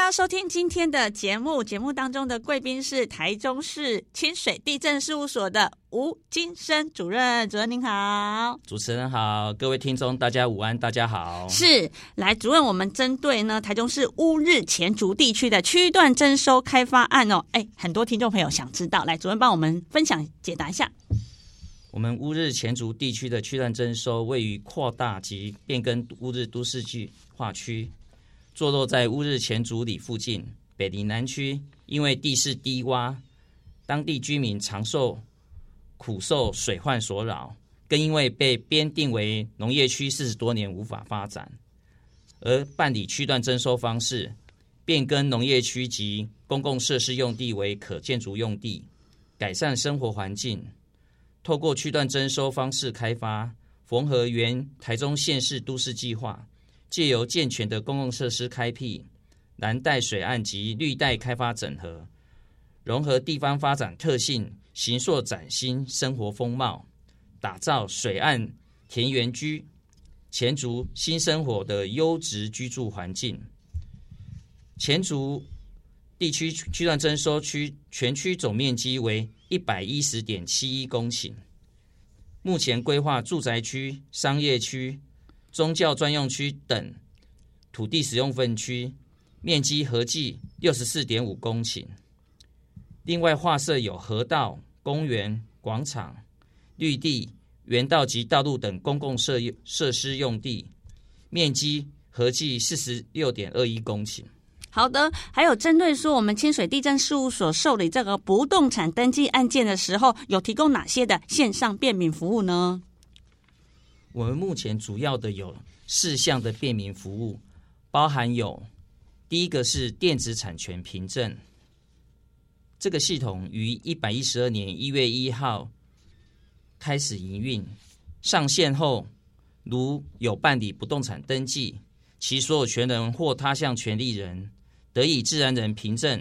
大家收聽今天的節目，節目當中的貴賓是台中市清水地政事務所的吳金昇主任。主任您好，主持人好，各位聽眾大家午安，大家好。是來主任，我們針對呢台中市烏日前竹地區的區段徵收開發案哦，哎，很多聽眾朋友想知道，來主任幫我們分享解答一下。我們烏日前竹地區的區段徵收位於擴大及變更烏日都市計劃區。坐落在烏日前竹里附近北林南區，因為地勢低窪，當地居民常受苦受水患所擾，更因為被編定為農業區四十多年無法發展，而辦理區段徵收方式，變更農業區及公共設施用地為可建築用地，改善生活環境。透過區段徵收方式開發，縫合原台中縣市都市計劃。借由健全的公共設施開闢藍帶水岸及綠帶開發整合，融合地方發展特性，形塑嶄新生活風貌，打造水岸田園居前竹新生活的優質居住環境。前竹地區區段徵收區全區總面積為一百一十點七一公頃，目前規劃住宅區、商業區。宗教專用區等土地使用分區面積合計六十四點五公頃，另外劃設有河道、公園、廣場、綠地、園道及道路等公共設設施用地面積合計四十六點二一公頃。好的，還有針對說我們清水地政事務所受理這個不動產登記案件的時候，有提供哪些的線上便民服務呢？我們目前主要的有四項的便民服務，包含有第一個是電子產權憑證。這個系統於一百一十二年一月一號開始營運，上線後，如有辦理不動產登記，其所有權人或他項權利人得以自然人憑證、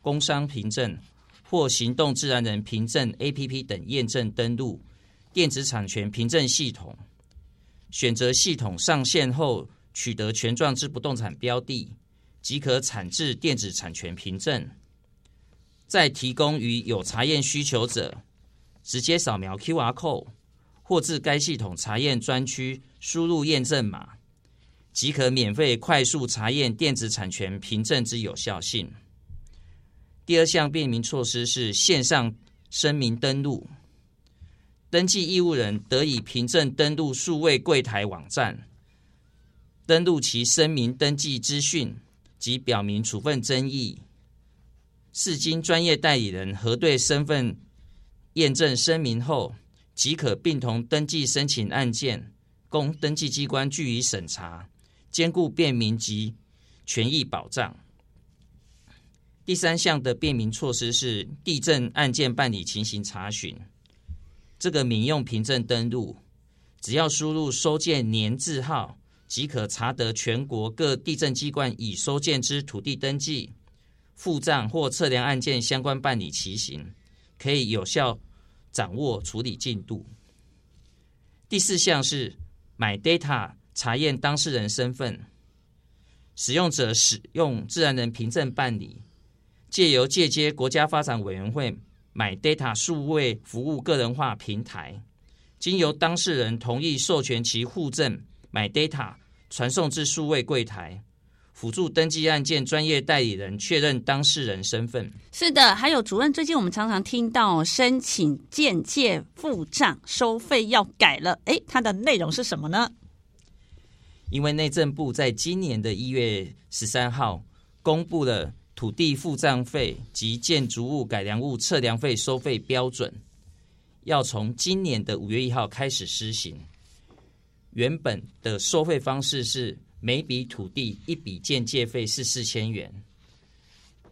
工商憑證或行動自然人憑證 APP 等驗證登錄電子產權憑證系統。選擇系統上線後，取得權狀之不動產標的，即可產製電子產權憑證，再提供予有查驗需求者，直接掃描 QR code，或至該系統查驗專區輸入驗證碼，即可免費快速查驗電子產權憑證之有效性。第二項便民措施是線上聲明登錄。登記義務人得以憑證登錄數位櫃檯網站，登錄其聲明登記資訊及表明處分爭議，是經專業代理人核對身份驗證聲明後，即可並同登記申請案件，供登記機關據以審查，兼顧便民及權益保障。第三項的便民措施是地震案件辦理情形查詢。這個民用憑證登錄，只要輸入收件年字號，即可查得全國各地政機關已收件之土地登記、複丈或測量案件相關辦理情形，可以有效掌握處理進度。第四項是 MyData 查驗當事人身份，使用者使用自然人憑證辦理，藉由介接國家發展委員會。MyData 數位服務個人化平台，經由當事人同意授權其戶證 MyData 傳送至數位櫃檯，輔助登記案件專業代理人確認當事人身份。是的，還有主任，最近我們常常聽到申請鑑界複丈收費要改了，哎、欸，它的內容是什麼呢？因為內政部在今年的一月十三號公布了。土地複丈費及建築物改良物測量費收費標準要從今年的五月一號開始施行。原本的收費方式是每筆土地一筆鑑界費，是四千元。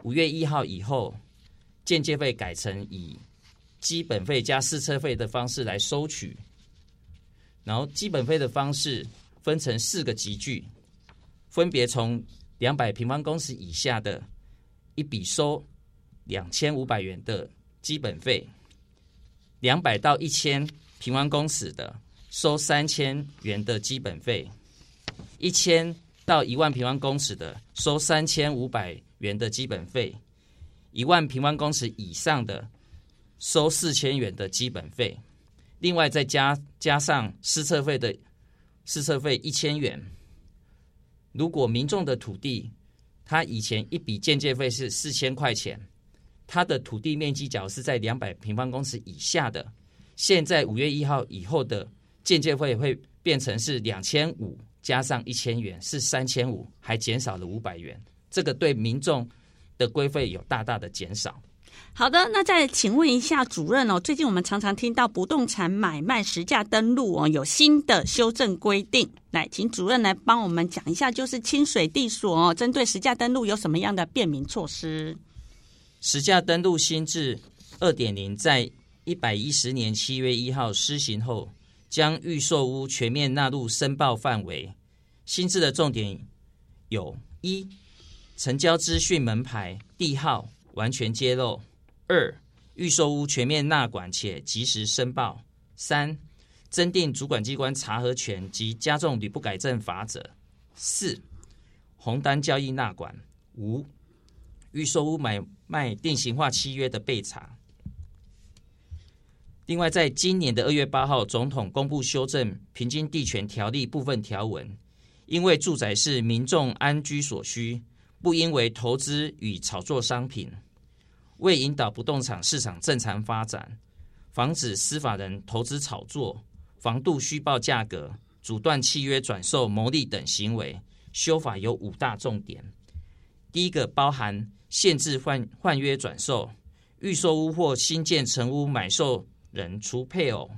五月一號以後，鑑界費改成以基本費加施測費的方式來收取。然後基本費的方式分成四個級距，分別從兩百平方公尺以下的。一筆收兩千五百元的基本費，兩百到一千平方公尺的收三千元的基本費，一千到一萬平方公尺的收三千五百元的基本費，一萬平方公尺以上的收四千元的基本費，另外再加加上施測費的施測費一千元。如果民眾的土地，他以前一筆鑑界費是四千塊錢，他的土地面積假如是在兩百平方公尺以下的，現在五月一號以後的鑑界費會變成是兩千五加上一千元，是三千五，還減少了五百元，這個對民眾的規費有大大的減少。好的，那再請問一下主任哦，最近我們常常聽到不動產買賣實價登錄哦有新的修正規定，來，請主任來幫我們講一下，就是清水地所哦，針對實價登錄有什麼樣的便民措施？實價登錄新制二點零在一百一十年七月一號施行後，將預售屋全面納入申報範圍。新制的重點有一，成交資訊門牌地號。完全揭露；二、預售屋全面納管且及時申報；三、增訂主管機關查核權及加重屢不改正罰則；四、紅單交易納管；五、預售屋買賣定型化契約的備查。另外，在今年的二月八號，總統公布修正《平均地權條例》部分條文，因為住宅是民眾安居所需，不因為投資與炒作商品。為引導不動產市場正常發展，防止私法人投資炒作、防杜虛報價格、阻斷契約轉售牟利等行為，修法有五大重點。第一個包含限制換換約轉售、預售屋或新建成屋買受人除配偶、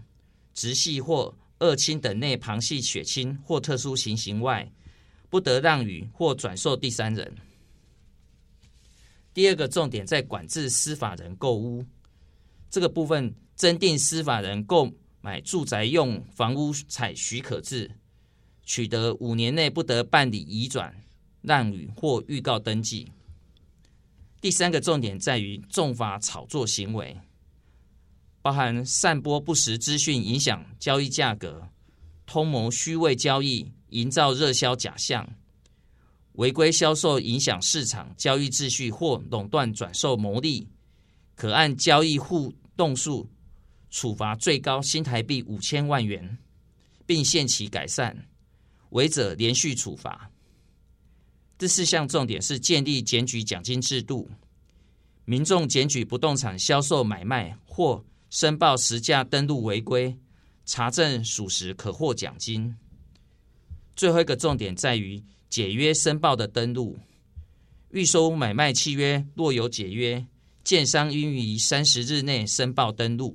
直系或二親等內旁系血親或特殊情形外，不得讓與或轉售第三人。第二個重點在管制私法人購屋，這個部分增訂私法人購買住宅用房屋採許可制，取得五年內不得辦理移轉讓與或預告登記。第三個重點在於重罰炒作行為，包含散播不實資訊影響交易價格、通謀虛偽交易、營造熱銷假象。違規銷售影響市場交易秩序或壟斷轉售牟利，可按交易互動數處罰最高新台幣五千萬元，並限期改善，違者連續處罰。第四項重點是建立檢舉獎金制度，民眾檢舉不動產銷售買賣或申報實價登錄違規，查證屬實可獲獎金。最後一個重點在於。解約申報的登錄，預收買賣契約若有解約，建商應於三十日內申報登錄。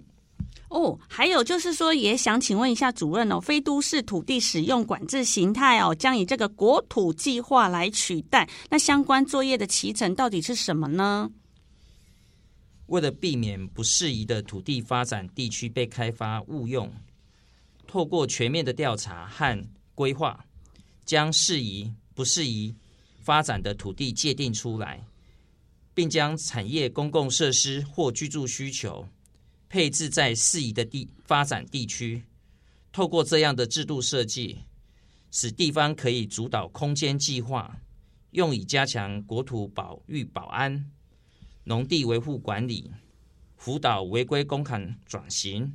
哦，還有就是說，也想請問一下主任哦，非都市土地使用管制形態哦，將以這個國土計劃來取代，那相關作業的期程到底是什麼呢？為了避免不適宜的土地發展地區被開發誤用，透過全面的調查和規劃，將適宜。適宜發展的土地界定出來，並將產業、公共設施或居住需求配置在適宜的地發展地區。透過這樣的制度設計，使地方可以主導空間計劃，用以加強國土保育、保安、農地維護管理、輔導違規工廠轉型、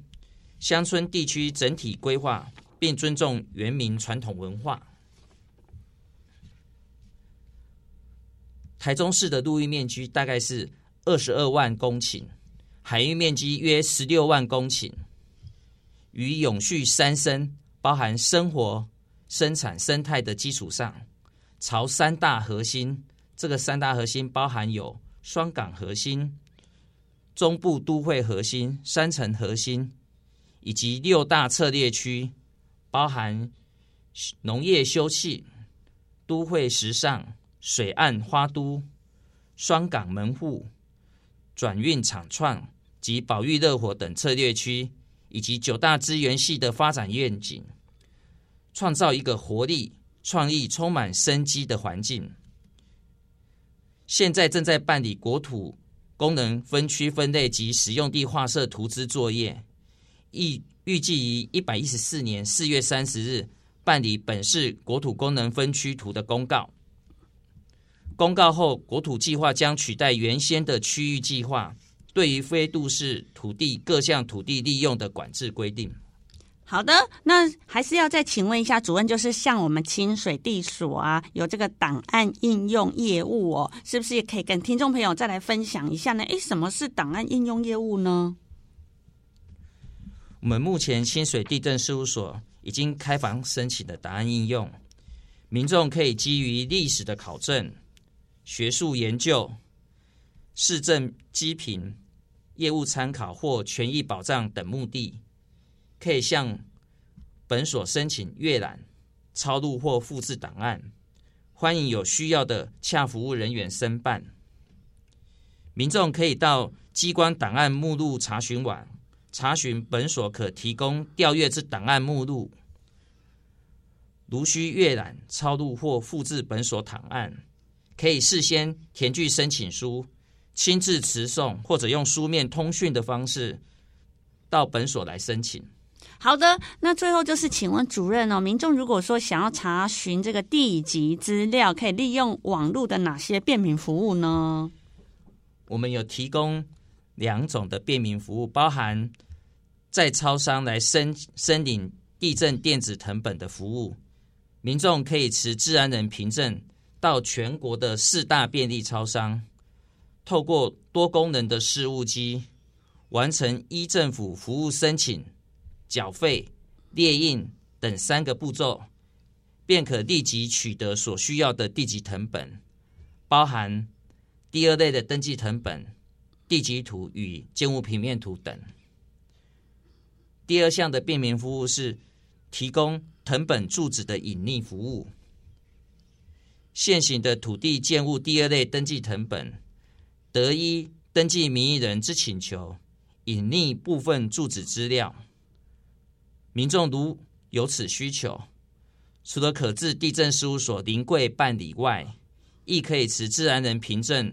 鄉村地區整體規劃，並尊重原民傳統文化。台中市的陸域面積大概是二十二萬公頃，海域面積約十六萬公頃。與永續三生，包含生活、生產、生態的基礎上，朝三大核心。這個三大核心包含有雙港核心、中部都會核心、山城核心，以及六大策略區，包含農業休憩、都會時尚。水岸花都、雙港門戶、轉運產創及保育熱火等策略區，以及九大資源系的發展願景，創造一個活力、創意、充滿生機的環境。現在正在辦理國土功能分區分類及使用地劃設圖資作業，預預計於一百一十四年四月三十日辦理本市國土功能分區圖的公告。公告後，國土計劃將取代原先的區域計劃，對於非都市土地各項土地利用的管制規定。好的，那還是要再請問一下主任，就是像我們清水地所啊，有這個檔案應用業務哦，是不是也可以跟聽眾朋友再來分享一下呢？哎，什麼是檔案應用業務呢？我們目前清水地政事務所已經開放申請的檔案應用，民眾可以基於歷史的考證，學術研究、市政積貧、業務參考或權益保障等目的，可以向本所申請閱覽、抄錄或複製檔案。歡迎有需要的洽服務人員申辦。民眾可以到機關檔案目錄查詢網查詢本所可提供調閱之檔案目錄。如需閱覽、抄錄或複製本所檔案，可以事先填具申請書，親自持送，或者用書面通訊的方式到本所來申請。好的，那最後就是請問主任哦，民眾如果說想要查詢這個地籍資料，可以利用網絡的哪些便民服務呢？我們有提供兩種的便民服務，包含在超商來申申領地籍電子謄本的服務，民眾可以持自然人憑證。到全國的四大便利超商，透過多功能的事務機，完成一政府服務申請、繳費、列印等三個步驟，便可立即取得所需要的地籍謄本，包含第二類的登記謄本、地籍圖與建物平面圖等。第二項的便民服務是提供謄本住址的隱匿服務。現行的土地建物第二類登記謄本，得依登記名義人之請求，隱匿部分住址資料。民眾如有此需求，除了可至地政事務所臨櫃辦理外，亦可以持自然人憑證，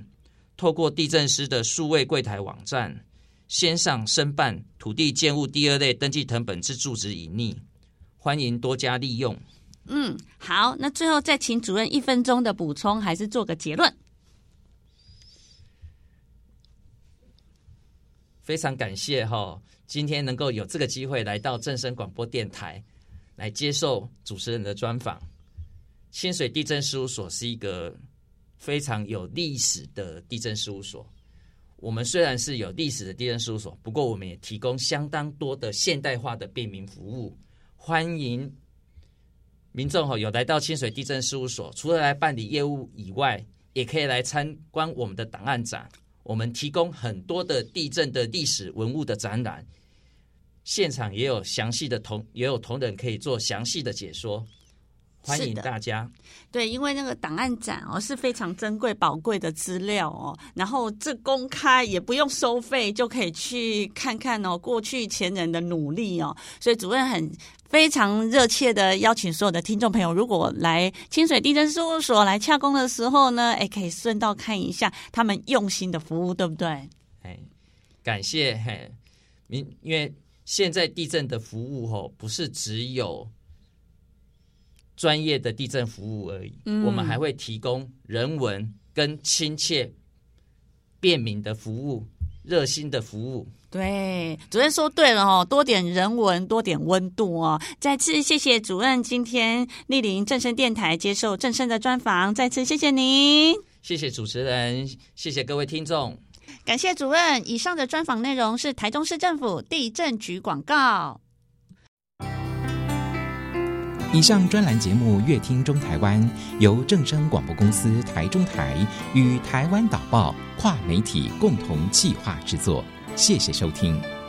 透過地政司的數位櫃台網站，線上申辦土地建物第二類登記謄本之住址隱匿。歡迎多加利用。嗯，好，那最後再請主任一分鐘的補充，還是做個結論。非常感謝哈，今天能夠有這個機會來到正聲廣播電台來接受主持人的專訪。清水地政事務所是一個非常有歷史的地政事務所。我們雖然是有歷史的地政事務所，不過我們也提供相當多的現代化的便民服務，歡迎。民眾有來到清水地政事務所，除了來辦理業務以外，也可以來參觀我們的檔案展。我們提供很多的地政的歷史文物的展覽，現場也有詳細的同也有同仁可以做詳細的解說，歡迎大家。對，因為那個檔案展哦是非常珍貴寶貴的資料哦，然後這公開也不用收費就可以去看看哦，過去前人的努力哦，所以主任很。非常熱切的邀請所有的聽眾朋友，如果來清水地政事務所來洽公的時候呢，哎、欸，可以順道看一下他們用心的服務，對不對？哎，感謝嘿、哎，因為現在地政的服務哦，不是只有專業的地政服務而已，嗯、我們還會提供人文跟親切便民的服務，熱心的服務。對，主任說對了哦，多點人文，多點溫度哦。再次謝謝主任今天蒞臨正聲電台接受正聲的專訪，再次謝謝您。謝謝主持人，謝謝各位聽眾。感謝主任。以上的專訪內容是台中市政府地政局廣告。以上專欄節目《樂聽中台灣》由正聲廣播公司台中台與台灣導報跨媒體共同企劃製作。謝謝收聽。